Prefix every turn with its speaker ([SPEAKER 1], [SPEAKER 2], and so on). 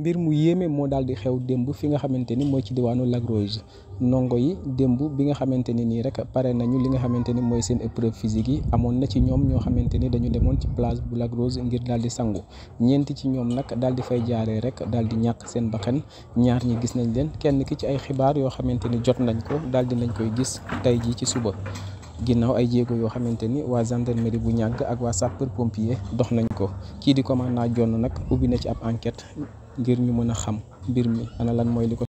[SPEAKER 1] mbir
[SPEAKER 2] mu yéeme moo daal di xew démb fi nga xamante ni mooy ci diwaanu lagrose ndongo yi démb bi nga xamante ni nii rek pare nañu li nga xamante ni mooy seen épreuve physique yi amoon na ci ñoom ñoo xamante ni dañu demoon ci place bu Lac ngir daal di sangu ñeenti ci ñoom nag daal di fay jaaree rek daal di ñàkk seen bakkan ñaar ñi gis nañ leen kenn ki ci ay xibaar yoo xamante ni jot nañ ko daal di nañ koy gis tey jii ci suba. ginnaaw ay jéego yoo xamante ni waa gendarmerie bu ñàgg ak waa sapeur pompier dox nañ ko kii di commandant John nag ubbi na ci ab enquête. ngir ñu
[SPEAKER 3] mën a xam mbir mi ana lan mooy li ko